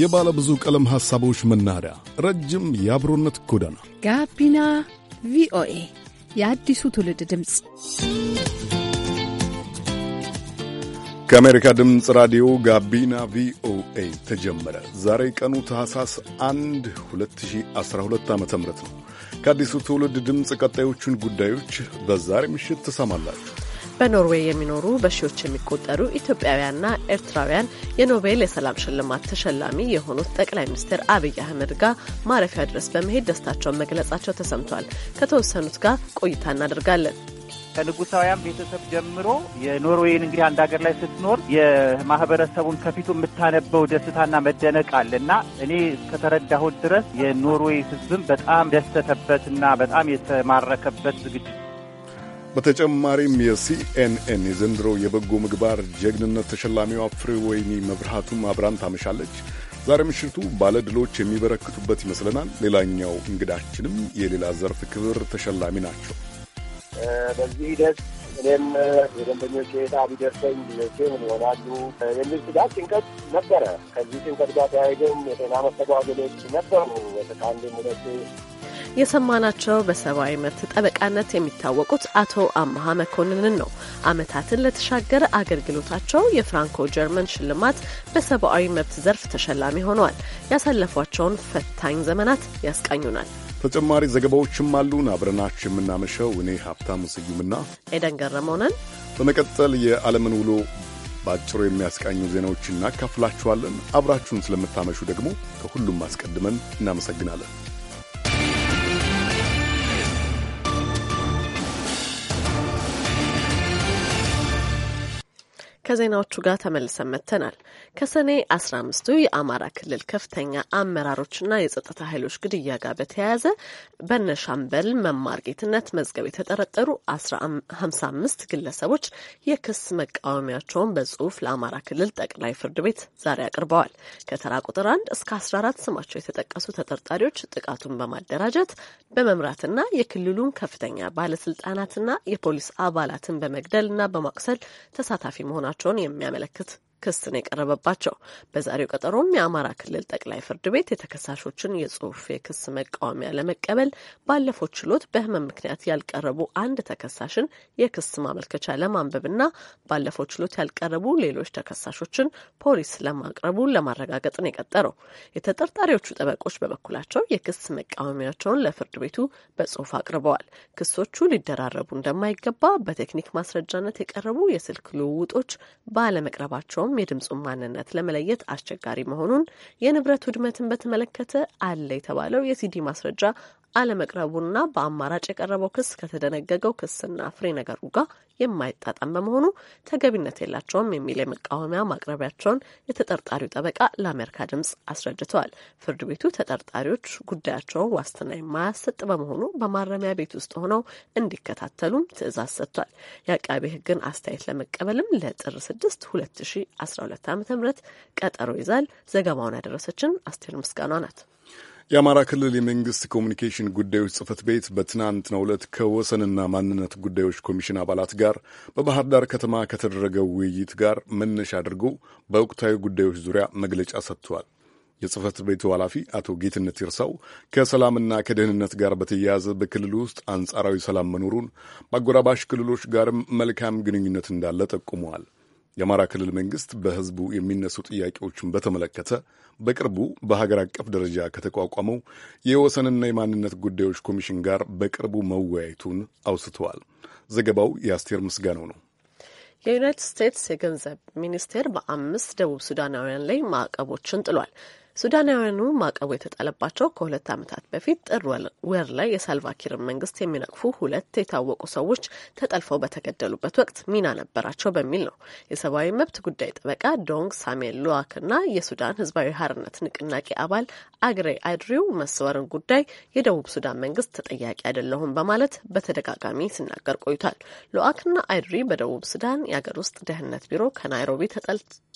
የባለ ብዙ ቀለም ሐሳቦች መናኸሪያ፣ ረጅም የአብሮነት ጎዳና፣ ጋቢና ቪኦኤ የአዲሱ ትውልድ ድምፅ ከአሜሪካ ድምፅ ራዲዮ ጋቢና ቪኦኤ ተጀመረ። ዛሬ ቀኑ ታህሳስ 1 2012 ዓ ም ነው። ከአዲሱ ትውልድ ድምፅ ቀጣዮቹን ጉዳዮች በዛሬ ምሽት ትሰማላችሁ። በኖርዌይ የሚኖሩ በሺዎች የሚቆጠሩ ኢትዮጵያውያንና ኤርትራውያን የኖቤል የሰላም ሽልማት ተሸላሚ የሆኑት ጠቅላይ ሚኒስትር አብይ አህመድ ጋር ማረፊያ ድረስ በመሄድ ደስታቸውን መግለጻቸው ተሰምቷል። ከተወሰኑት ጋር ቆይታ እናደርጋለን። ከንጉሳውያን ቤተሰብ ጀምሮ የኖርዌይን እንግዲህ አንድ ሀገር ላይ ስትኖር የማህበረሰቡን ከፊቱ የምታነበው ደስታና መደነቅ አለ እና እኔ እስከተረዳሁት ድረስ የኖርዌይ ሕዝብም በጣም ደሰተበትና በጣም የተማረከበት ዝግጅት በተጨማሪም የሲኤንኤን የዘንድሮ የበጎ ምግባር ጀግንነት ተሸላሚዋ ወይኒ መብርሃቱም አብራን ታመሻለች። ዛሬ ምሽቱ ባለድሎች የሚበረክቱበት ይመስለናል። ሌላኛው እንግዳችንም የሌላ ዘርፍ ክብር ተሸላሚ ናቸው። በዚህ ሂደት እኔም የደንበኞች የጣ ቢደርሰኝ ልጆቼ ምን ይሆናሉ የሚል ስጋት፣ ጭንቀት ነበረ። ከዚህ ጭንቀት ጋር ተያይዘም የጤና መስተጓጎሎች ነበሩ። አንዴም ሁለቴ የሰማናቸው በሰብአዊ መብት ጠበቃነት የሚታወቁት አቶ አመሀ መኮንንን ነው። አመታትን ለተሻገረ አገልግሎታቸው የፍራንኮ ጀርመን ሽልማት በሰብአዊ መብት ዘርፍ ተሸላሚ ሆነዋል። ያሳለፏቸውን ፈታኝ ዘመናት ያስቃኙናል። ተጨማሪ ዘገባዎችም አሉን። አብረናችሁ የምናመሸው እኔ ሀብታሙ ስዩምና ኤደን ገረመው በመቀጠል የዓለምን ውሎ በአጭሩ የሚያስቃኙ ዜናዎችን እናካፍላችኋለን። አብራችሁን ስለምታመሹ ደግሞ ከሁሉም አስቀድመን እናመሰግናለን። ከዜናዎቹ ጋር ተመልሰን መጥተናል። ከሰኔ አስራ አምስቱ የአማራ ክልል ከፍተኛ አመራሮችና የጸጥታ ኃይሎች ግድያ ጋር በተያያዘ በነሻምበል መማር ጌትነት መዝገብ የተጠረጠሩ አስራ ሀምሳ አምስት ግለሰቦች የክስ መቃወሚያቸውን በጽሁፍ ለአማራ ክልል ጠቅላይ ፍርድ ቤት ዛሬ አቅርበዋል። ከተራ ቁጥር አንድ እስከ አስራ አራት ስማቸው የተጠቀሱ ተጠርጣሪዎች ጥቃቱን በማደራጀት በመምራትና የክልሉን ከፍተኛ ባለስልጣናትና የፖሊስ አባላትን በመግደልና በማቁሰል ተሳታፊ መሆናቸው መሆናቸውን የሚያመለክት ክስ ነው የቀረበባቸው። በዛሬው ቀጠሮም የአማራ ክልል ጠቅላይ ፍርድ ቤት የተከሳሾችን የጽሁፍ የክስ መቃወሚያ ለመቀበል ባለፈው ችሎት በህመም ምክንያት ያልቀረቡ አንድ ተከሳሽን የክስ ማመልከቻ ለማንበብና ባለፈው ችሎት ያልቀረቡ ሌሎች ተከሳሾችን ፖሊስ ለማቅረቡ ለማረጋገጥ ነው የቀጠረው። የተጠርጣሪዎቹ ጠበቆች በበኩላቸው የክስ መቃወሚያቸውን ለፍርድ ቤቱ በጽሁፍ አቅርበዋል። ክሶቹ ሊደራረቡ እንደማይገባ በቴክኒክ ማስረጃነት የቀረቡ የስልክ ልውውጦች ባለመቅረባቸውም ሆኖም የድምፁን ማንነት ለመለየት አስቸጋሪ መሆኑን፣ የንብረት ውድመትን በተመለከተ አለ የተባለው የሲዲ ማስረጃ አለመቅረቡና በአማራጭ የቀረበው ክስ ከተደነገገው ክስና ፍሬ ነገሩ ጋር የማይጣጣም በመሆኑ ተገቢነት የላቸውም የሚል የመቃወሚያ ማቅረቢያቸውን የተጠርጣሪው ጠበቃ ለአሜሪካ ድምጽ አስረድተዋል። ፍርድ ቤቱ ተጠርጣሪዎች ጉዳያቸውን ዋስትና የማያሰጥ በመሆኑ በማረሚያ ቤት ውስጥ ሆነው እንዲከታተሉም ትዕዛዝ ሰጥቷል። የአቃቤ ሕግን አስተያየት ለመቀበልም ለጥር ስድስት ሁለት ሺ አስራ ሁለት ቀጠሮ ይዛል። ዘገባውን ያደረሰችን አስቴር ምስጋኗ ናት። የአማራ ክልል የመንግስት ኮሚኒኬሽን ጉዳዮች ጽህፈት ቤት በትናንትናው ዕለት ከወሰንና ማንነት ጉዳዮች ኮሚሽን አባላት ጋር በባህር ዳር ከተማ ከተደረገው ውይይት ጋር መነሻ አድርጎ በወቅታዊ ጉዳዮች ዙሪያ መግለጫ ሰጥቷል። የጽህፈት ቤቱ ኃላፊ አቶ ጌትነት ይርሳው ከሰላምና ከደህንነት ጋር በተያያዘ በክልሉ ውስጥ አንጻራዊ ሰላም መኖሩን፣ በአጎራባሽ ክልሎች ጋርም መልካም ግንኙነት እንዳለ ጠቁመዋል። የአማራ ክልል መንግስት በህዝቡ የሚነሱ ጥያቄዎችን በተመለከተ በቅርቡ በሀገር አቀፍ ደረጃ ከተቋቋመው የወሰንና የማንነት ጉዳዮች ኮሚሽን ጋር በቅርቡ መወያየቱን አውስተዋል። ዘገባው የአስቴር ምስጋናው ነው። የዩናይትድ ስቴትስ የገንዘብ ሚኒስቴር በአምስት ደቡብ ሱዳናውያን ላይ ማዕቀቦችን ጥሏል። ሱዳናውያኑ ማዕቀቡ የተጣለባቸው ከሁለት ዓመታት በፊት ጥር ወር ላይ የሳልቫኪርን መንግስት የሚነቅፉ ሁለት የታወቁ ሰዎች ተጠልፈው በተገደሉበት ወቅት ሚና ነበራቸው በሚል ነው። የሰብአዊ መብት ጉዳይ ጠበቃ ዶንግ ሳሜል ሉዋክ እና የሱዳን ህዝባዊ ሀርነት ንቅናቄ አባል አግሬ አድሪው መሰወርን ጉዳይ የደቡብ ሱዳን መንግስት ተጠያቂ አይደለሁም በማለት በተደጋጋሚ ሲናገር ቆይቷል። ሉዋክና አድሪ በደቡብ ሱዳን የአገር ውስጥ ደህንነት ቢሮ ከናይሮቢ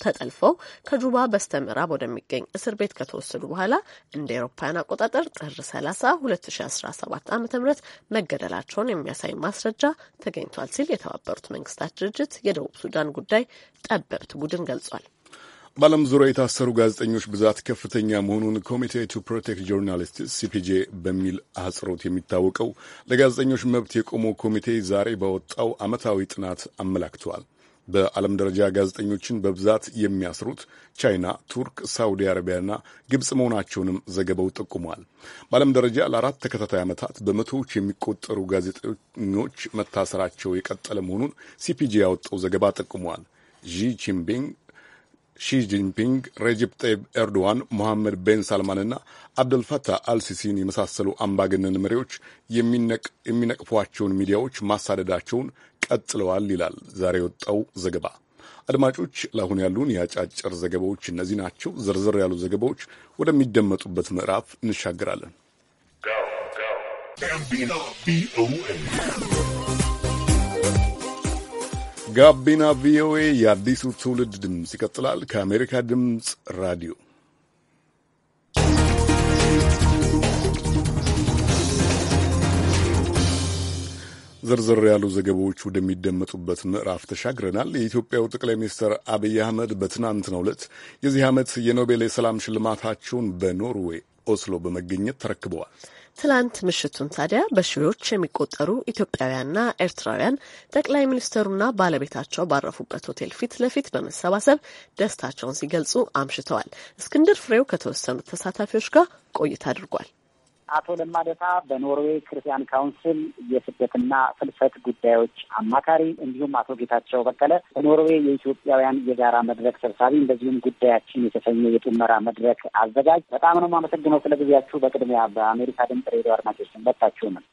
ተጠልፈው ከጁባ በስተ ምዕራብ ወደሚገኝ እስር ቤት ቤት ከተወሰዱ በኋላ እንደ ኤሮፓያን አቆጣጠር ጥር 30 2017 ዓ ም መገደላቸውን የሚያሳይ ማስረጃ ተገኝቷል ሲል የተባበሩት መንግስታት ድርጅት የደቡብ ሱዳን ጉዳይ ጠበብት ቡድን ገልጿል። በዓለም ዙሪያ የታሰሩ ጋዜጠኞች ብዛት ከፍተኛ መሆኑን ኮሚቴ ቱ ፕሮቴክት ጆርናሊስትስ ሲፒጄ በሚል አህጽሮት የሚታወቀው ለጋዜጠኞች መብት የቆመው ኮሚቴ ዛሬ ባወጣው ዓመታዊ ጥናት አመላክተዋል። በዓለም ደረጃ ጋዜጠኞችን በብዛት የሚያስሩት ቻይና፣ ቱርክ፣ ሳውዲ አረቢያና ግብፅ መሆናቸውንም ዘገባው ጠቁሟል። በዓለም ደረጃ ለአራት ተከታታይ ዓመታት በመቶዎች የሚቆጠሩ ጋዜጠኞች መታሰራቸው የቀጠለ መሆኑን ሲፒጂ ያወጣው ዘገባ ጠቁሟል። ሺ ጂንፒንግ፣ ሬጀፕ ጠይብ ኤርዶዋን፣ ሞሐመድ ቤን ሳልማንና አብደልፈታህ አልሲሲን የመሳሰሉ አምባገነን መሪዎች የሚነቅፏቸውን ሚዲያዎች ማሳደዳቸውን ቀጥለዋል ይላል ዛሬ የወጣው ዘገባ። አድማጮች ለአሁን ያሉን የአጫጭር ዘገባዎች እነዚህ ናቸው። ዝርዝር ያሉ ዘገባዎች ወደሚደመጡበት ምዕራፍ እንሻገራለን። ጋቢና ቪኦኤ የአዲሱ ትውልድ ድምፅ ይቀጥላል። ከአሜሪካ ድምፅ ራዲዮ ዝርዝር ያሉ ዘገባዎች ወደሚደመጡበት ምዕራፍ ተሻግረናል። የኢትዮጵያው ጠቅላይ ሚኒስትር አብይ አህመድ በትናንትናው ዕለት የዚህ ዓመት የኖቤል የሰላም ሽልማታቸውን በኖርዌይ ኦስሎ በመገኘት ተረክበዋል። ትላንት ምሽቱን ታዲያ በሺዎች የሚቆጠሩ ኢትዮጵያውያንና ኤርትራውያን ጠቅላይ ሚኒስተሩና ባለቤታቸው ባረፉበት ሆቴል ፊት ለፊት በመሰባሰብ ደስታቸውን ሲገልጹ አምሽተዋል። እስክንድር ፍሬው ከተወሰኑት ተሳታፊዎች ጋር ቆይታ አድርጓል። አቶ ለማ በኖርዌይ ክርስቲያን ካውንስል የስደትና ፍልሰት ጉዳዮች አማካሪ፣ እንዲሁም አቶ ጌታቸው በቀለ በኖርዌይ የኢትዮጵያውያን የጋራ መድረክ ሰብሳቢ፣ እንደዚሁም ጉዳያችን የተሰኘ የጡመራ መድረክ አዘጋጅ፣ በጣም ነው የማመሰግነው ስለ ጊዜያችሁ። በቅድሚያ በአሜሪካ ድምጽ ሬዲዮ አድማጮች መጣችሁ ነው።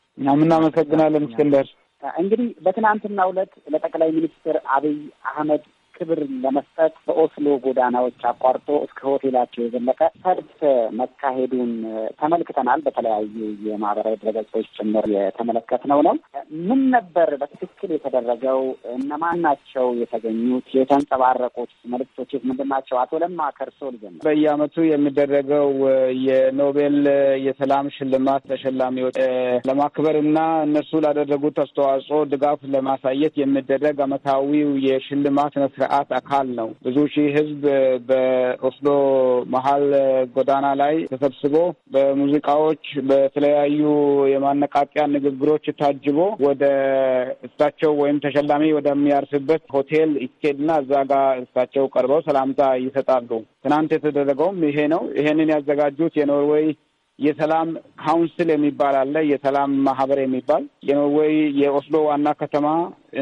እናመሰግናለን እስክንደር። እንግዲህ በትናንትና ዕለት ለጠቅላይ ሚኒስትር አብይ አህመድ ክብር ለመስጠት በኦስሎ ጎዳናዎች አቋርጦ እስከ ሆቴላቸው የዘለቀ ሰልፍ መካሄዱን ተመልክተናል። በተለያዩ የማህበራዊ ድረገጾች ጭምር የተመለከትነው ነው። ምን ነበር በትክክል የተደረገው? እነማን ናቸው የተገኙት? የተንጸባረቁት መልክቶች ምንድን ናቸው? አቶ ለማ ከርሶ ልጀምር። በየአመቱ የሚደረገው የኖቤል የሰላም ሽልማት ተሸላሚዎች ለማክበር እና እነሱ ላደረጉት አስተዋጽኦ ድጋፍ ለማሳየት የሚደረግ አመታዊው የሽልማት ስነ ስርዓት አካል ነው። ብዙ ሺህ ህዝብ በኦስሎ መሀል ጎዳና ላይ ተሰብስቦ በሙዚቃዎች በተለያዩ የማነቃቂያ ንግግሮች ታጅቦ ወደ እሳቸው ወይም ተሸላሚ ወደሚያርስበት ሆቴል ይኬድና እዛ ጋር እሳቸው ቀርበው ሰላምታ ይሰጣሉ። ትናንት የተደረገውም ይሄ ነው። ይሄንን ያዘጋጁት የኖርዌይ የሰላም ካውንስል የሚባል አለ። የሰላም ማህበር የሚባል የኖርዌይ የኦስሎ ዋና ከተማ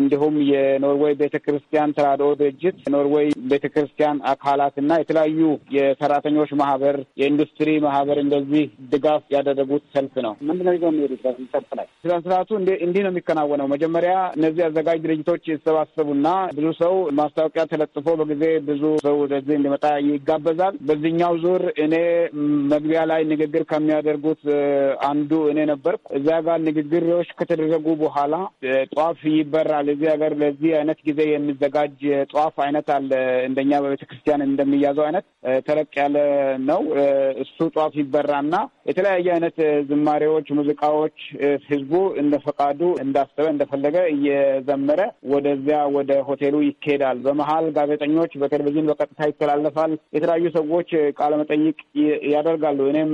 እንዲሁም የኖርዌይ ቤተ ክርስቲያን ተራድኦ ድርጅት፣ የኖርዌይ ቤተ ክርስቲያን አካላት እና የተለያዩ የሰራተኞች ማህበር፣ የኢንዱስትሪ ማህበር እንደዚህ ድጋፍ ያደረጉት ሰልፍ ነው። ምንድነው ይዘው የሚሄዱት ሰልፍ ላይ? ስነ ስርዓቱ እንዲህ ነው የሚከናወነው። መጀመሪያ እነዚህ አዘጋጅ ድርጅቶች ይሰባሰቡና ብዙ ሰው ማስታወቂያ ተለጥፎ በጊዜ ብዙ ሰው ወደዚህ እንዲመጣ ይጋበዛል። በዚህኛው ዙር እኔ መግቢያ ላይ ንግግር ከሚያደርጉት አንዱ እኔ ነበርኩ። እዚያ ጋር ንግግሮች ከተደረጉ በኋላ ጧፍ ይበራል። ይባላል። እዚህ ሀገር ለዚህ አይነት ጊዜ የሚዘጋጅ ጧፍ አይነት አለ። እንደኛ በቤተ ክርስቲያን እንደሚያዘው አይነት ተለቅ ያለ ነው። እሱ ጧፍ ይበራና የተለያየ አይነት ዝማሬዎች፣ ሙዚቃዎች ህዝቡ እንደ ፈቃዱ እንዳሰበ እንደፈለገ እየዘመረ ወደዚያ ወደ ሆቴሉ ይካሄዳል። በመሀል ጋዜጠኞች በቴሌቪዥን በቀጥታ ይተላለፋል። የተለያዩ ሰዎች ቃለመጠይቅ ያደርጋሉ። እኔም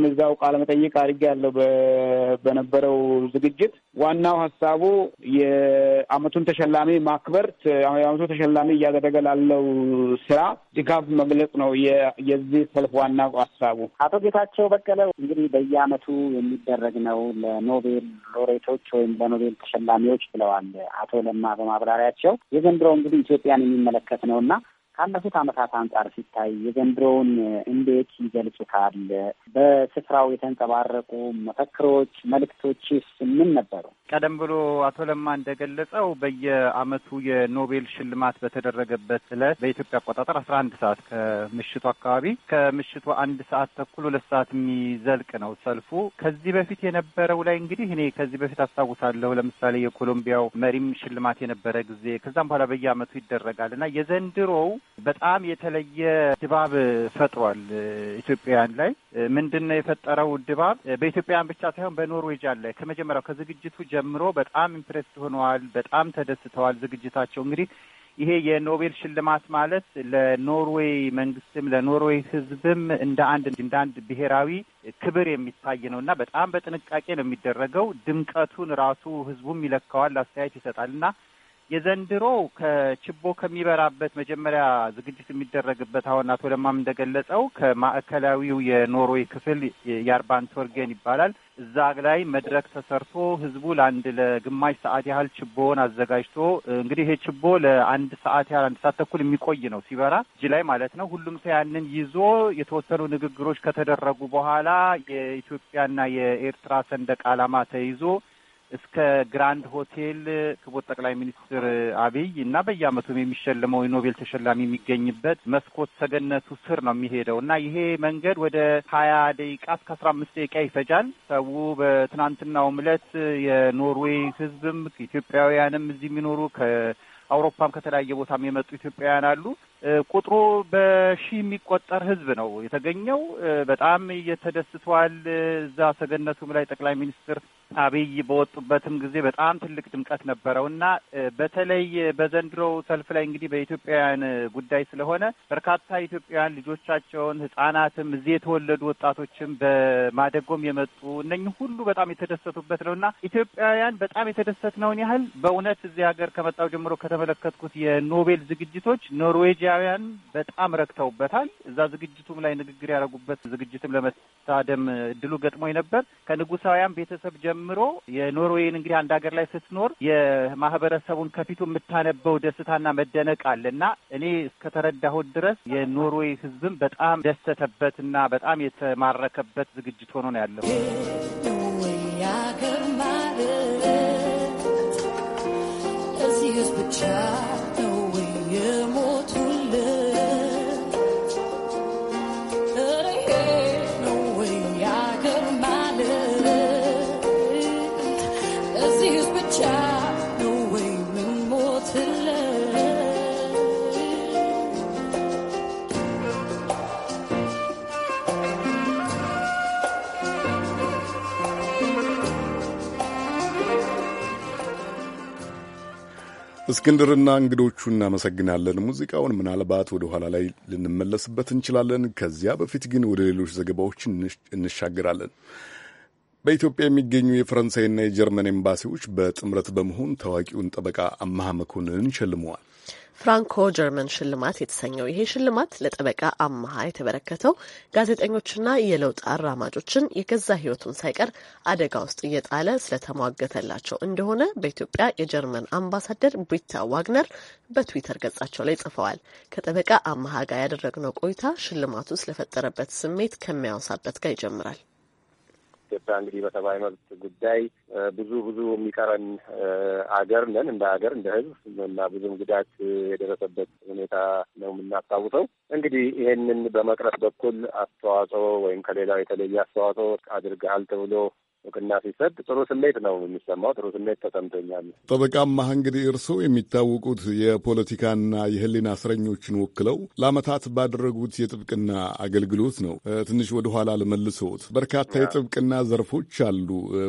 መጠይቅ አድርጌ ያለው በነበረው ዝግጅት ዋናው ሀሳቡ የአመቱን ተሸላሚ ማክበር የአመቱ ተሸላሚ እያደረገ ላለው ስራ ድጋፍ መግለጽ ነው የዚህ ሰልፍ ዋና ሀሳቡ። አቶ ጌታቸው በቀለ እንግዲህ በየአመቱ የሚደረግ ነው ለኖቤል ሎሬቶች ወይም ለኖቤል ተሸላሚዎች ብለዋል አቶ ለማ በማብራሪያቸው። የዘንድሮ እንግዲህ ኢትዮጵያን የሚመለከት ነው እና ካለፉት አመታት አንጻር ሲታይ የዘንድሮውን እንዴት ይገልጹታል? በስፍራው የተንጸባረቁ መፈክሮች፣ መልእክቶችስ ምን ነበሩ? ቀደም ብሎ አቶ ለማ እንደገለጸው በየአመቱ የኖቤል ሽልማት በተደረገበት ዕለት በኢትዮጵያ አቆጣጠር አስራ አንድ ሰዓት ከምሽቱ አካባቢ ከምሽቱ አንድ ሰዓት ተኩል ሁለት ሰዓት የሚዘልቅ ነው ሰልፉ። ከዚህ በፊት የነበረው ላይ እንግዲህ እኔ ከዚህ በፊት አስታውሳለሁ። ለምሳሌ የኮሎምቢያው መሪም ሽልማት የነበረ ጊዜ ከዛም በኋላ በየአመቱ ይደረጋል እና የዘንድሮው በጣም የተለየ ድባብ ፈጥሯል ኢትዮጵያውያን ላይ። ምንድን ነው የፈጠረው ድባብ? በኢትዮጵያውያን ብቻ ሳይሆን በኖርዌጃን ላይ ከመጀመሪያው ከዝግጅቱ ጀምሮ በጣም ኢምፕሬስ ሆነዋል። በጣም ተደስተዋል ዝግጅታቸው። እንግዲህ ይሄ የኖቤል ሽልማት ማለት ለኖርዌይ መንግስትም ለኖርዌይ ህዝብም እንደ አንድ እንደ አንድ ብሔራዊ ክብር የሚታይ ነው እና በጣም በጥንቃቄ ነው የሚደረገው። ድምቀቱን ራሱ ህዝቡም ይለካዋል፣ አስተያየት ይሰጣል እና የዘንድሮ ከችቦ ከሚበራበት መጀመሪያ ዝግጅት የሚደረግበት አሁን አቶ ለማም እንደገለጸው ከማዕከላዊው የኖርዌይ ክፍል የአርባንትወርጌን ይባላል። እዛ ላይ መድረክ ተሰርቶ ህዝቡ ለአንድ ለግማሽ ሰዓት ያህል ችቦውን አዘጋጅቶ እንግዲህ ይሄ ችቦ ለአንድ ሰዓት ያህል አንድ ሰዓት ተኩል የሚቆይ ነው ሲበራ እጅ ላይ ማለት ነው። ሁሉም ሰው ያንን ይዞ የተወሰኑ ንግግሮች ከተደረጉ በኋላ የኢትዮጵያና የኤርትራ ሰንደቅ ዓላማ ተይዞ እስከ ግራንድ ሆቴል ክቡር ጠቅላይ ሚኒስትር አብይ እና በየአመቱም የሚሸለመው የኖቤል ተሸላሚ የሚገኝበት መስኮት ሰገነቱ ስር ነው የሚሄደው እና ይሄ መንገድ ወደ ሀያ ደቂቃ እስከ አስራ አምስት ደቂቃ ይፈጃል። ሰው በትናንትናው ዕለት የኖርዌይ ህዝብም ኢትዮጵያውያንም እዚህ የሚኖሩ ከ አውሮፓም ከተለያየ ቦታም የመጡ ኢትዮጵያውያን አሉ። ቁጥሩ በሺህ የሚቆጠር ህዝብ ነው የተገኘው። በጣም እየተደስተዋል። እዛ ሰገነቱም ላይ ጠቅላይ ሚኒስትር አብይ በወጡበትም ጊዜ በጣም ትልቅ ድምቀት ነበረው እና በተለይ በዘንድሮው ሰልፍ ላይ እንግዲህ በኢትዮጵያውያን ጉዳይ ስለሆነ በርካታ ኢትዮጵያውያን ልጆቻቸውን፣ ህጻናትም እዚህ የተወለዱ ወጣቶችም በማደጎም የመጡ እነኝህ ሁሉ በጣም የተደሰቱበት ነው እና ኢትዮጵያውያን በጣም የተደሰትነውን ያህል በእውነት እዚህ ሀገር ከመጣው ጀምሮ ከተ የተመለከትኩት የኖቤል ዝግጅቶች ኖርዌጂያውያን በጣም ረክተውበታል። እዛ ዝግጅቱም ላይ ንግግር ያደረጉበት ዝግጅትም ለመታደም እድሉ ገጥሞኝ ነበር። ከንጉሳውያን ቤተሰብ ጀምሮ የኖርዌይን እንግዲህ አንድ ሀገር ላይ ስትኖር የማህበረሰቡን ከፊቱ የምታነበው ደስታና መደነቅ አለ እና እኔ እስከተረዳሁት ድረስ የኖርዌይ ህዝብም በጣም ደሰተበትና በጣም የተማረከበት ዝግጅት ሆኖ ነው ያለው። ሞገስ ብቻ ነው የሞቱልን እሬ ነው ወይ ያገር ማለት እዚህስ ብቻ እስክንድርና እንግዶቹ እናመሰግናለን። ሙዚቃውን ምናልባት ወደ ኋላ ላይ ልንመለስበት እንችላለን። ከዚያ በፊት ግን ወደ ሌሎች ዘገባዎች እንሻገራለን። በኢትዮጵያ የሚገኙ የፈረንሳይና የጀርመን ኤምባሲዎች በጥምረት በመሆን ታዋቂውን ጠበቃ አማሃ መኮንንን ሸልመዋል። ፍራንኮ ጀርመን ሽልማት የተሰኘው ይሄ ሽልማት ለጠበቃ አመሀ የተበረከተው ጋዜጠኞችና የለውጥ አራማጆችን የገዛ ሕይወቱን ሳይቀር አደጋ ውስጥ እየጣለ ስለተሟገተላቸው እንደሆነ በኢትዮጵያ የጀርመን አምባሳደር ብሪታ ዋግነር በትዊተር ገጻቸው ላይ ጽፈዋል። ከጠበቃ አመሀ ጋር ያደረግነው ቆይታ ሽልማቱ ስለፈጠረበት ስሜት ከሚያወሳበት ጋር ይጀምራል። ኢትዮጵያ እንግዲህ በሰብአዊ መብት ጉዳይ ብዙ ብዙ የሚቀረን አገር ነን እንደ ሀገር እንደ ህዝብ እና ብዙም ጉዳት የደረሰበት ሁኔታ ነው የምናስታውሰው። እንግዲህ ይሄንን በመቅረፍ በኩል አስተዋጽኦ ወይም ከሌላው የተለየ አስተዋጽኦ አድርገሃል ተብሎ እውቅና ሲሰጥ ጥሩ ስሜት ነው የሚሰማው። ጥሩ ስሜት ተሰምቶኛል። ጠበቃ ማህ እንግዲህ እርስዎ የሚታወቁት የፖለቲካና የህሊና እስረኞችን ወክለው ለአመታት ባደረጉት የጥብቅና አገልግሎት ነው። ትንሽ ወደኋላ ልመልሰዎት። በርካታ የጥብቅና ዘርፎች አሉ።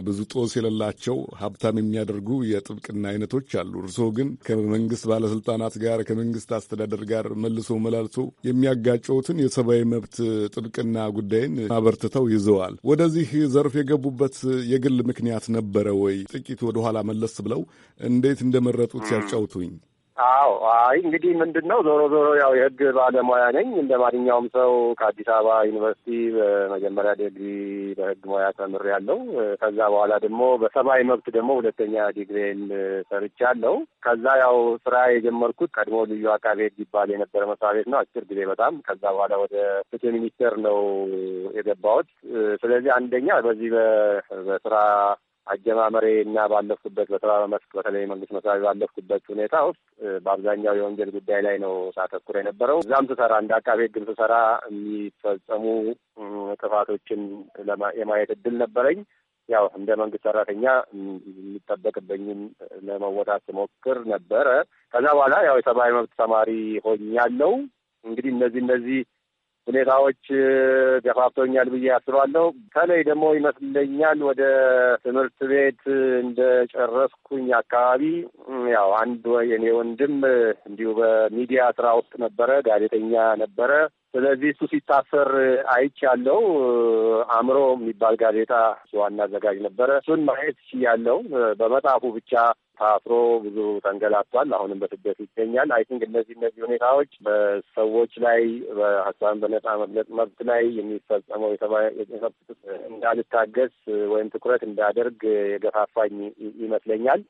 ብዙ ጦስ የሌላቸው ሀብታም የሚያደርጉ የጥብቅና አይነቶች አሉ። እርስዎ ግን ከመንግስት ባለስልጣናት ጋር ከመንግስት አስተዳደር ጋር መልሶ መላልሶ የሚያጋጨውትን የሰብአዊ መብት ጥብቅና ጉዳይን አበርትተው ይዘዋል። ወደዚህ ዘርፍ የገቡበት የግል ምክንያት ነበረ ወይ? ጥቂት ወደኋላ መለስ ብለው እንዴት እንደመረጡት ያጫውቱኝ። አዎ አይ እንግዲህ ምንድን ነው ዞሮ ዞሮ ያው የህግ ባለሙያ ነኝ እንደ ማንኛውም ሰው ከአዲስ አበባ ዩኒቨርሲቲ በመጀመሪያ ዲግሪ በህግ ሙያ ተምሬያለሁ። ከዛ በኋላ ደግሞ በሰብአዊ መብት ደግሞ ሁለተኛ ዲግሪን ሰርቻለሁ። ከዛ ያው ስራ የጀመርኩት ቀድሞ ልዩ አቃቤ ህግ ይባል የነበረ መስሪያ ቤት ነው፣ አጭር ጊዜ በጣም። ከዛ በኋላ ወደ ፍትህ ሚኒስቴር ነው የገባሁት። ስለዚህ አንደኛ በዚህ በስራ አጀማመሬ እና ባለፍኩበት በተባበ መስክ በተለይ መንግስት መስሪያ ቤት ባለፍኩበት ሁኔታ ውስጥ በአብዛኛው የወንጀል ጉዳይ ላይ ነው ሳተኩር የነበረው። እዛም ስሰራ እንደ አቃቤ ሕግም ስሰራ የሚፈጸሙ ጥፋቶችን የማየት እድል ነበረኝ። ያው እንደ መንግስት ሰራተኛ የሚጠበቅብኝም ለመወጣት ስሞክር ነበረ። ከዛ በኋላ ያው የሰብአዊ መብት ተማሪ ሆኛለሁ። እንግዲህ እነዚህ እነዚህ ሁኔታዎች ገፋፍቶኛል ብዬ አስባለሁ። ከላይ ደግሞ ይመስለኛል ወደ ትምህርት ቤት እንደጨረስኩኝ አካባቢ ያው አንድ የኔ ወንድም እንዲሁ በሚዲያ ስራ ውስጥ ነበረ፣ ጋዜጠኛ ነበረ። ስለዚህ እሱ ሲታሰር አይቻለው። አእምሮ የሚባል ጋዜጣ ዋና አዘጋጅ ነበረ። እሱን ማየት ያለው በመጽሐፉ ብቻ ታስሮ ብዙ ተንገላቷል። አሁንም በስደት ይገኛል። አይ ቲንክ እነዚህ እነዚህ ሁኔታዎች በሰዎች ላይ በሀሳብን በነጻ መግለጽ መብት ላይ የሚፈጸመው እንዳልታገስ ወይም ትኩረት እንዳደርግ የገፋፋኝ ይመስለኛል።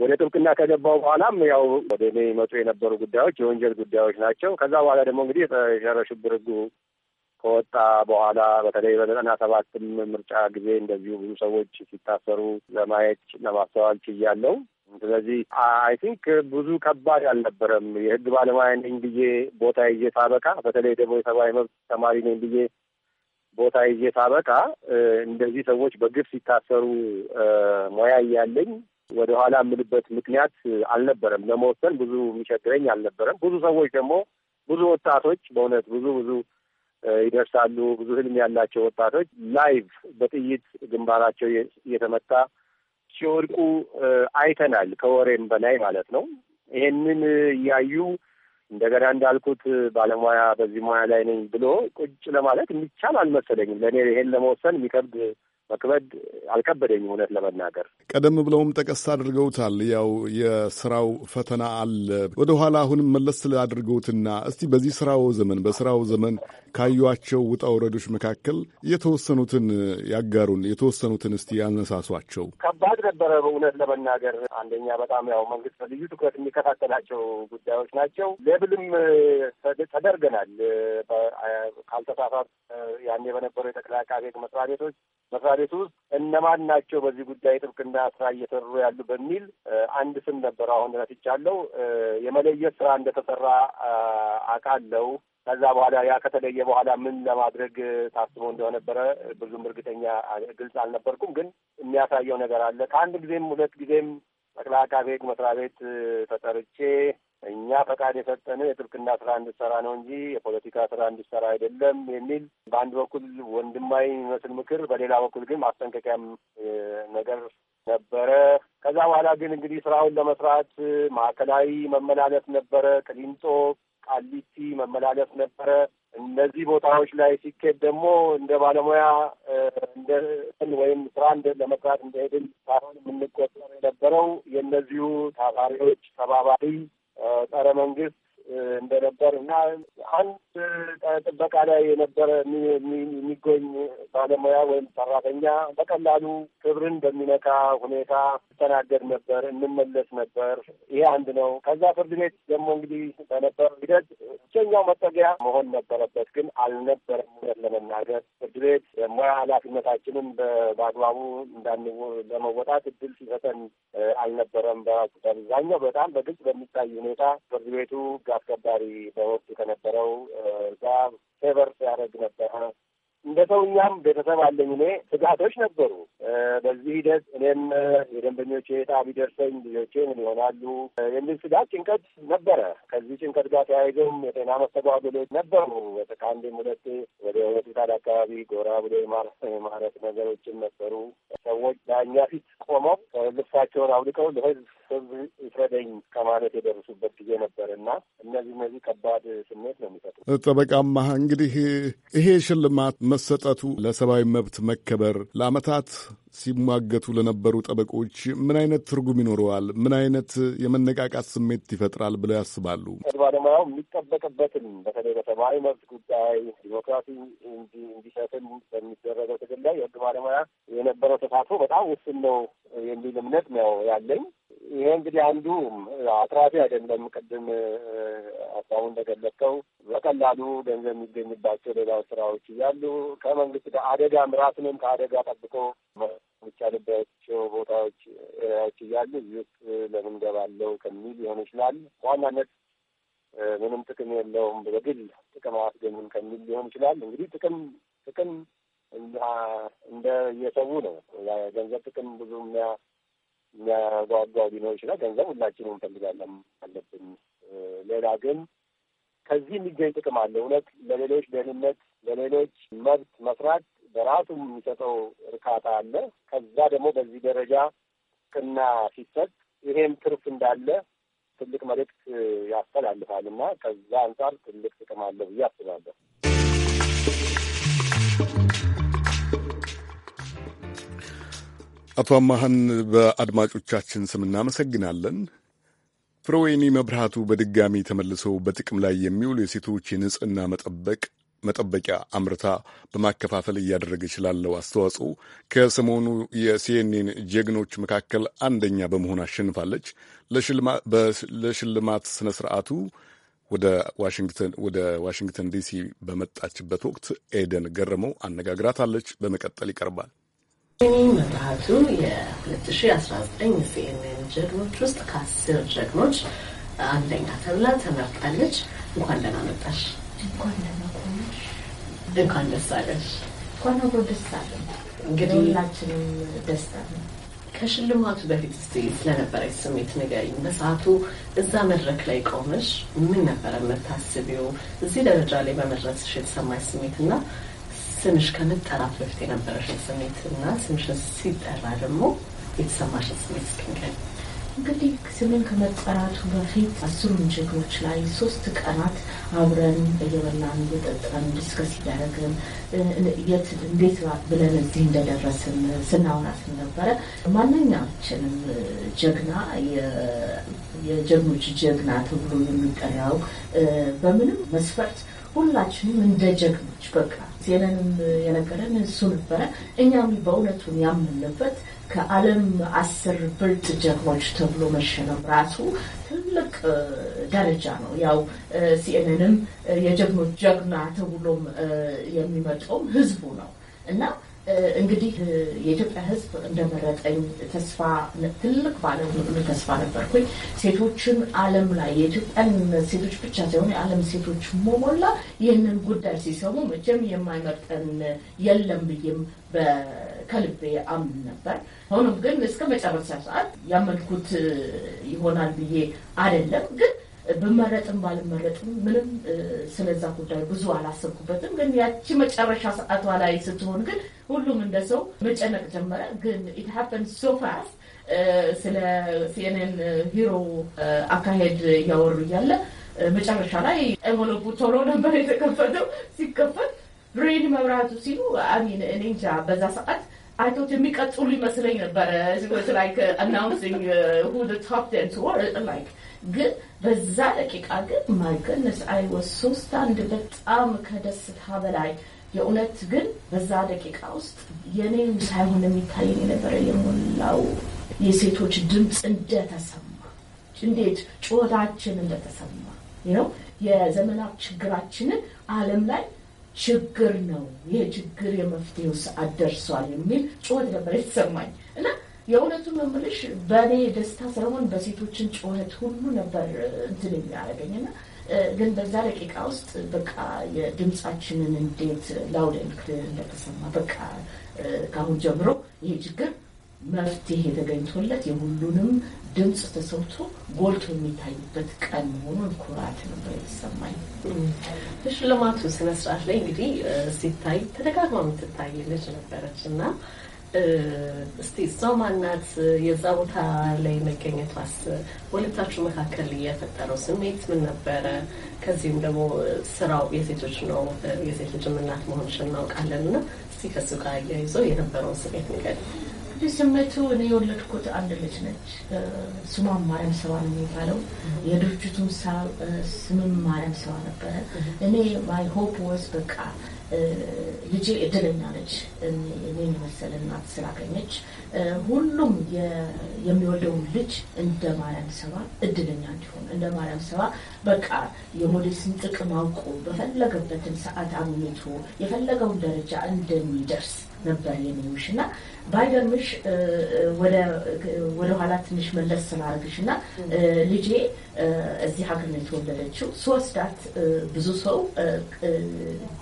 ወደ ጥብቅና ከገባው በኋላም ያው ወደ እኔ መጡ የነበሩ ጉዳዮች የወንጀል ጉዳዮች ናቸው። ከዛ በኋላ ደግሞ እንግዲህ የጸረ ሽብር ከወጣ በኋላ በተለይ በዘጠና ሰባትም ምርጫ ጊዜ እንደዚሁ ብዙ ሰዎች ሲታሰሩ ለማየት ለማስተዋል ችያለው። ስለዚህ አይ ቲንክ ብዙ ከባድ አልነበረም። የህግ ባለሙያ ነኝ ብዬ ቦታ ይዤ ሳበቃ፣ በተለይ ደግሞ የሰብአዊ መብት ተማሪ ነኝ ብዬ ቦታ ይዤ ሳበቃ እንደዚህ ሰዎች በግፍ ሲታሰሩ ሙያ እያለኝ ወደ ኋላ የምልበት ምክንያት አልነበረም። ለመወሰን ብዙ የሚቸግረኝ አልነበረም። ብዙ ሰዎች ደግሞ ብዙ ወጣቶች በእውነት ብዙ ብዙ ይደርሳሉ። ብዙ ህልም ያላቸው ወጣቶች ላይቭ በጥይት ግንባራቸው እየተመታ ሲወድቁ አይተናል። ከወሬም በላይ ማለት ነው። ይሄንን እያዩ እንደገና እንዳልኩት ባለሙያ በዚህ ሙያ ላይ ነኝ ብሎ ቁጭ ለማለት የሚቻል አልመሰለኝም። ለእኔ ይሄን ለመወሰን የሚከብድ መክበድ አልከበደኝም እውነት ለመናገር ቀደም ብለውም ጠቀስ አድርገውታል። ያው የስራው ፈተና አለ። ወደ ኋላ አሁንም መለስ ስላድርገውትና እስቲ በዚህ ስራው ዘመን በስራው ዘመን ካዩቸው ውጣ ውረዶች መካከል የተወሰኑትን ያጋሩን፣ የተወሰኑትን እስቲ ያነሳሷቸው። ከባድ ነበረ በእውነት ለመናገር አንደኛ በጣም ያው መንግስት በልዩ ትኩረት የሚከታተላቸው ጉዳዮች ናቸው። ሌብልም ተደርገናል። ካልተሳሳት ያኔ በነበሩ የጠቅላይ አቃቤ መስሪያ ቤቶች መስሪያ ቤቱ ውስጥ እነማን ናቸው በዚህ ጉዳይ ጥብቅና ስራ እየሰሩ ያሉ በሚል አንድ ስም ነበር አሁን ረትቻለው የመለየት ስራ እንደተሰራ አቃለው ከዛ በኋላ ያ ከተለየ በኋላ ምን ለማድረግ ታስቦ እንደነበረ ብዙም እርግጠኛ ግልጽ አልነበርኩም፣ ግን የሚያሳየው ነገር አለ። ከአንድ ጊዜም ሁለት ጊዜም ጠቅላይ አቃቤ ሕግ መስሪያ ቤት ተጠርቼ እኛ ፈቃድ የሰጠን የጥብቅና ስራ እንድሰራ ነው እንጂ የፖለቲካ ስራ እንድሰራ አይደለም የሚል በአንድ በኩል ወንድማዊ የሚመስል ምክር፣ በሌላ በኩል ግን ማስጠንቀቂያም ነገር ነበረ። ከዛ በኋላ ግን እንግዲህ ስራውን ለመስራት ማዕከላዊ መመላለስ ነበረ፣ ቅሊንጦ ቃሊቲ መመላለስ ነበረ። እነዚህ ቦታዎች ላይ ሲኬድ ደግሞ እንደ ባለሙያ እንደ ወይም ስራ ለመስራት እንደሄድን ሳይሆን የምንቆጠር የነበረው የእነዚሁ ታሳሪዎች ተባባሪ ጸረ መንግስት እንደነበር እና አንድ ጥበቃ ላይ የነበረ የሚገኝ ባለሙያ ወይም ሰራተኛ በቀላሉ ክብርን በሚነካ ሁኔታ እንተናገር ነበር፣ እንመለስ ነበር። ይሄ አንድ ነው። ከዛ ፍርድ ቤት ደግሞ እንግዲህ በነበረው ሂደት ብቸኛው መጠጊያ መሆን ነበረበት፣ ግን አልነበረም። ለመናገር ፍርድ ቤት የሙያ ኃላፊነታችንን በአግባቡ እንዳን ለመወጣት እድል ሲሰጠን አልነበረም። በራሱ በአብዛኛው በጣም በግልጽ በሚታይ ሁኔታ ፍርድ ቤቱ አስከባሪ በወቅቱ ከነበረው ጋር ፌቨር ያደረግ ነበረ እንደ ሰው እኛም ቤተሰብ አለኝ። እኔ ስጋቶች ነበሩ። በዚህ ሂደት እኔም የደንበኞቼ ዕጣ ቢደርሰኝ ልጆቼ ምን ይሆናሉ የሚል ስጋት፣ ጭንቀት ነበረ። ከዚህ ጭንቀት ጋር ተያይዘውም የጤና መስተጓጎሎች ነበሩ። ከአንዴም ሁለቴ ወደ ሆስፒታል አካባቢ ጎራ ብሎ የማረት ነገሮችን ነበሩ። ሰዎች ዳኛ ፊት ቆመው ልብሳቸውን አውልቀው ለህዝብ ይፍረደኝ ከማለት የደረሱበት ጊዜ ነበር እና እነዚህ እነዚህ ከባድ ስሜት ነው የሚሰጡ ጠበቃማ እንግዲህ ይሄ ሽልማት መሰጠቱ ለሰብአዊ መብት መከበር ለአመታት ሲሟገቱ ለነበሩ ጠበቆች ምን አይነት ትርጉም ይኖረዋል? ምን አይነት የመነቃቃት ስሜት ይፈጥራል ብለው ያስባሉ? ባለሙያው የሚጠበቅበትን በተለይ በሰብአዊ መብት ጉዳይ ዲሞክራሲ እንዲሰፍን በሚደረገው ትግል ላይ የህግ ባለሙያ የነበረው ተሳትፎ በጣም ውስን ነው የሚል እምነት ነው ያለኝ። ይሄ እንግዲህ አንዱ አትራፊ አይደለም። ቅድም አሁን እንደገለጽከው በቀላሉ ገንዘብ የሚገኝባቸው ሌላው ስራዎች እያሉ ከመንግስት ጋር አደጋ ራስንም ከአደጋ ጠብቆ የሚቻልባቸው ቦታዎች ዎች እያሉ እዚህ ውስጥ ለምን ገባለው ከሚል ሊሆን ይችላል። በዋናነት ምንም ጥቅም የለውም በግል ጥቅም አያስገኝም ከሚል ሊሆን ይችላል። እንግዲህ ጥቅም ጥቅም እንደ ነው። ገንዘብ ጥቅም ብዙ የሚያጓጓ ሊኖር ይችላል። ገንዘብ ሁላችንም እንፈልጋለን አለብን። ሌላ ግን ከዚህ የሚገኝ ጥቅም አለ። እውነት ለሌሎች ደህንነት፣ ለሌሎች መብት መስራት በራሱ የሚሰጠው እርካታ አለ። ከዛ ደግሞ በዚህ ደረጃ ቅና ሲሰጥ ይሄም ትርፍ እንዳለ ትልቅ መልእክት ያስተላልፋል እና ከዛ አንጻር ትልቅ ጥቅም አለ ብዬ አስባለሁ። አቶ አማሃን በአድማጮቻችን ስም እናመሰግናለን። ፍሮዌኒ መብርሃቱ በድጋሚ ተመልሰው በጥቅም ላይ የሚውል የሴቶች የንጽህና መጠበቅ መጠበቂያ አምርታ በማከፋፈል እያደረገች ላለው አስተዋጽኦ ከሰሞኑ የሲኤንኤን ጀግኖች መካከል አንደኛ በመሆን አሸንፋለች። ለሽልማት ስነ ስርዓቱ ወደ ዋሽንግተን ወደ ዋሽንግተን ዲሲ በመጣችበት ወቅት ኤደን ገረመው አነጋግራታለች። በመቀጠል ይቀርባል። እኔ መብራቱ የ2019 ሲኤንኤን ጀግኖች ውስጥ ከአስር ጀግኖች አንደኛ ተብላ ተመርጣለች። እንኳን ደህና መጣሽ። እንኳን ደህና እንኳን ደስ አለሽ። እንኳን አብሮ ደስ አለን። እንግዲህ ሁላችንም ደስታ ነው። ከሽልማቱ በፊት ስ ስለነበረች ስሜት ንገሪኝ። በሰዓቱ እዛ መድረክ ላይ ቆመሽ ምን ነበረ የምታስቢው? እዚህ ደረጃ ላይ በመድረስሽ የተሰማሽ ስሜት እና ስምሽ ከመጠራት በፊት የነበረሽን ስሜት እና ስምሽን ሲጠራ ደግሞ የተሰማሽን ስሜት እስክንገል እንግዲህ ስምን ከመጠራቱ በፊት አስሩን ጀግኖች ላይ ሶስት ቀናት አብረን እየበላን እየጠጠን ዲስከስ እያደረግን የት እንዴት ብለን እዚህ እንደደረስን ስናወራ ስንነበረ ማንኛችንም ጀግና የጀግኖች ጀግና ተብሎ የሚጠራው በምንም መስፈርት ሁላችንም እንደ ጀግኖች በቃ ዜናንም የነገረን እሱ ነበረ። እኛም በእውነቱ ያምንበት ከዓለም አስር ብልጥ ጀግኖች ተብሎ መሸለም ራሱ ትልቅ ደረጃ ነው። ያው ሲኤንኤንም የጀግኖች ጀግና ተብሎም የሚመጣውም ህዝቡ ነው እና እንግዲህ የኢትዮጵያ ሕዝብ እንደመረጠኝ ተስፋ ትልቅ ባለሙሉ ተስፋ ነበርኩኝ። ሴቶችን ዓለም ላይ የኢትዮጵያን ሴቶች ብቻ ሳይሆን የዓለም ሴቶች ሞሞላ ይህንን ጉዳይ ሲሰሙ መቼም የማይመርጠን የለም ብዬም ከልቤ አምን ነበር። ሆኖም ግን እስከ መጨረሻ ሰዓት ያመልኩት ይሆናል ብዬ አይደለም ግን ብመረጥም ባልመረጥም ምንም ስለዛ ጉዳይ ብዙ አላሰብኩበትም። ግን ያቺ መጨረሻ ሰዓቷ ላይ ስትሆን ግን ሁሉም እንደ ሰው መጨነቅ ጀመረ። ግን ኢት ሀፐን ሶ ፋስት። ስለ ሲኤንኤን ሂሮ አካሄድ እያወሩ እያለ መጨረሻ ላይ ኤንቨሎፑ ቶሎ ነበር የተከፈተው። ሲከፈት ብሬን መብራቱ ሲሉ አሚን እኔ እንጃ በዛ ሰዓት አይቶት የሚቀጽሉ ይመስለኝ ነበረ አናውንሲንግ uh, uh, ግን በዛ ደቂቃ ግን ማይገነስ አይወስ ሶስት አንድ በጣም ከደስታ በላይ የእውነት ግን በዛ ደቂቃ ውስጥ የኔም ሳይሆን የሚታየኝ የነበረ የሞላው የሴቶች ድምፅ እንደተሰማ እንዴት ጩኸታችን እንደተሰማ ነው የዘመናት ችግራችንን ዓለም ላይ ችግር ነው ይሄ ችግር የመፍትሄው ሰዓት ደርሷል የሚል ጩኸት ነበር የተሰማኝ እና የእውነቱን መምልሽ በእኔ ደስታ ሳይሆን በሴቶችን ጩኸት ሁሉ ነበር እንትን የሚያደርገኝ እና ግን በዛ ደቂቃ ውስጥ በቃ የድምፃችንን እንዴት ላውደንክ እንደተሰማ በቃ ከአሁን ጀምሮ ይሄ ችግር መፍትሄ ተገኝቶለት የሁሉንም ድምፅ ተሰብቶ ጎልቶ የሚታይበት ቀን መሆኑን ኩራት ነበር የተሰማኝ። በሽልማቱ ስነስርዓት ላይ እንግዲህ ሲታይ ተደጋግማ የምትታይ ልጅ ነበረች እና እስቲ እሷ ማናት? የዛ ቦታ ላይ መገኘቷስ በሁለታችሁ መካከል የፈጠረው ስሜት ምን ነበረ? ከዚህም ደግሞ ስራው የሴቶች ነው፣ የሴት ልጅ እናት መሆንሽን እናውቃለን እና እስቲ ከሱ ጋር እያይዞ የነበረውን ስሜት ንገሪኝ። ዝመቱ እኔ የወለድኩት አንድ ልጅ ነች። ስሟም ማርያም ሰባ ነው የሚባለው። የድርጅቱም ስምም ማርያም ሰባ ነበረ። እኔ ማይ ሆፕ ወስ በቃ ልጄ እድለኛ ነች፣ እኔ የመሰለ እናት ስላገኘች። ሁሉም የሚወልደውን ልጅ እንደ ማርያም ሰባ እድለኛ እንዲሆን እንደ ማርያም ሰባ በቃ የሞዴስን ጥቅም አውቆ በፈለገበትን ሰዓት አግኝቶ የፈለገውን ደረጃ እንደሚደርስ ነበር የሚሉሽ እና ባይገርምሽ ኋላ ትንሽ መለስ ስናደርግሽ እና ልጄ እዚህ ሀገር ነው የተወለደችው። ስወስዳት ብዙ ሰው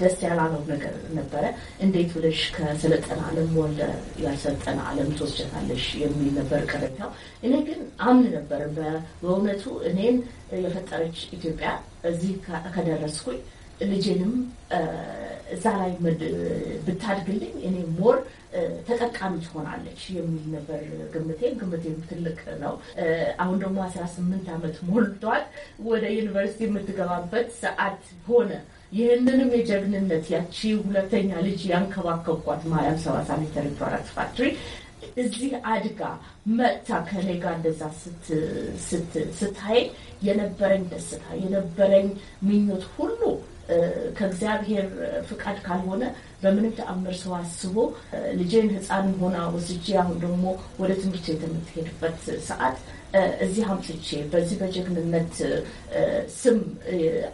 ደስ ያላለው ነገር ነበረ። እንዴት ብለሽ ከሰለጠነ ዓለም ወደ ያልሰጠነ ዓለም ትወስጀታለሽ የሚል ነበር ቅሬታው። እኔ ግን አምን ነበር በእውነቱ እኔን የፈጠረች ኢትዮጵያ እዚህ ከደረስኩኝ ልጅንም እዛ ላይ ብታድግልኝ እኔ ሞር ተጠቃሚ ትሆናለች የሚል ነበር ግምቴ። ግምቴም ትልቅ ነው። አሁን ደግሞ አስራ ስምንት ዓመት ሞልቷል። ወደ ዩኒቨርሲቲ የምትገባበት ሰዓት ሆነ። ይህንንም የጀግንነት ያቺ ሁለተኛ ልጅ ያንከባከብኳት ማርያም ሰባሳ ሜትር ዶራት ፋክትሪ እዚህ አድጋ መጥታ ከኔ ጋር እንደዛ ስታይ የነበረኝ ደስታ የነበረኝ ምኞት ሁሉ ከእግዚአብሔር ፍቃድ ካልሆነ በምንም ተአምር ሰው አስቦ ልጄን ህፃን ሆና ወስጄ አሁን ደግሞ ወደ ትምህርት ቤት የምትሄድበት ሰዓት እዚህ አምጥቼ በዚህ በጀግንነት ስም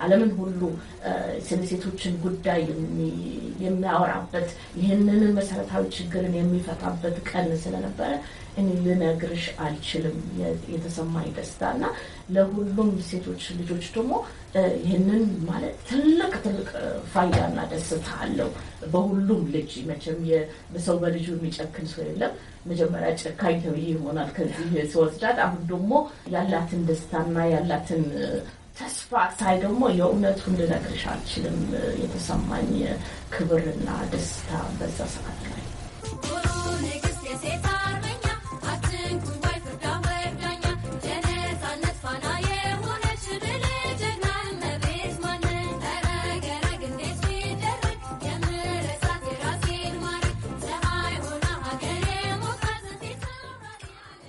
ዓለምን ሁሉ ስለ ሴቶችን ጉዳይ የሚያወራበት ይህንን መሰረታዊ ችግርን የሚፈታበት ቀን ስለነበረ እኔ ልነግርሽ አልችልም የተሰማኝ ደስታ እና ለሁሉም ሴቶች ልጆች ደግሞ ይህንን ማለት ትልቅ ትልቅ ፋይዳና ደስታ አለው። በሁሉም ልጅ መቼም በሰው በልጁ የሚጨክን ሰው የለም። መጀመሪያ ጨካኝ ተብዬ ይሆናል ከዚህ ሲወስዳት። አሁን ደግሞ ያላትን ደስታና ያላትን ተስፋ ሳይ ደግሞ የእውነቱ ልነግርሽ አልችልም የተሰማኝ ክብርና ደስታ በዛ ሰዓት ላይ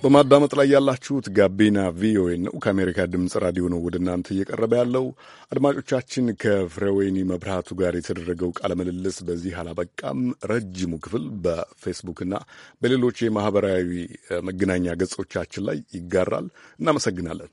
በማዳመጥ ላይ ያላችሁት ጋቢና ቪኦኤ ነው። ከአሜሪካ ድምፅ ራዲዮ ነው ወደ እናንተ እየቀረበ ያለው። አድማጮቻችን፣ ከፍሬወይኒ መብርሃቱ ጋር የተደረገው ቃለ ምልልስ በዚህ አላበቃም። ረጅሙ ክፍል በፌስቡክና በሌሎች የማህበራዊ መገናኛ ገጾቻችን ላይ ይጋራል። እናመሰግናለን።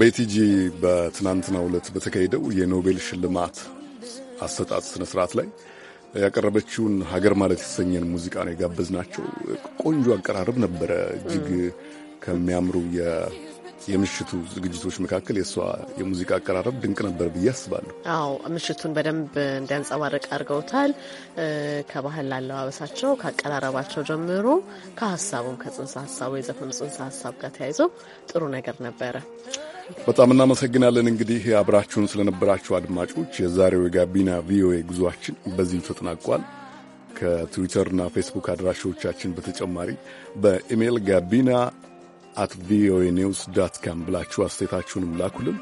ቤቲጂ በትናንትናው ዕለት በተካሄደው የኖቤል ሽልማት አሰጣጥ ስነ ስርዓት ላይ ያቀረበችውን ሀገር ማለት የተሰኘን ሙዚቃ ነው የጋበዝናቸው። ቆንጆ አቀራረብ ነበረ። እጅግ ከሚያምሩ የምሽቱ ዝግጅቶች መካከል የእሷ የሙዚቃ አቀራረብ ድንቅ ነበር ብዬ አስባለሁ። አዎ ምሽቱን በደንብ እንዲያንጸባርቅ አድርገውታል። ከባህል አለባበሳቸው፣ ከአቀራረባቸው ጀምሮ ከሀሳቡም ከጽንሰ ሀሳቡ የዘፈኑ ጽንሰ ሀሳብ ጋር ተያይዞ ጥሩ ነገር ነበረ። በጣም እናመሰግናለን። እንግዲህ አብራችሁን ስለነበራችሁ አድማጮች የዛሬው የጋቢና ቪኦኤ ጉዟችን በዚሁ ተጠናቋል። ከትዊተርና ፌስቡክ አድራሻዎቻችን በተጨማሪ በኢሜይል ጋቢና አት ቪኦኤ ኒውስ ዳት ካም ብላችሁ አስተያየታችሁንም ላኩልን።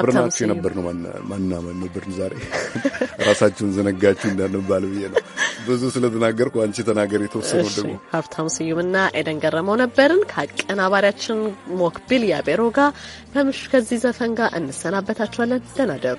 አብረናችሁ የነበር ነው ማናመን ነበርን። ዛሬ ራሳችሁን ዘነጋችሁ እንዳንባል ብዬ ነው። ብዙ ስለተናገርኩ አንቺ ተናገር የተወሰኑ ደግሞ ሀብታሙ ስዩምና ኤደን ገረመው ነበርን ከአቀናባሪያችን ሞክቢል ያቤሮ ጋር ከምሽ ከዚህ ዘፈን ጋር እንሰናበታችኋለን። ደናደሩ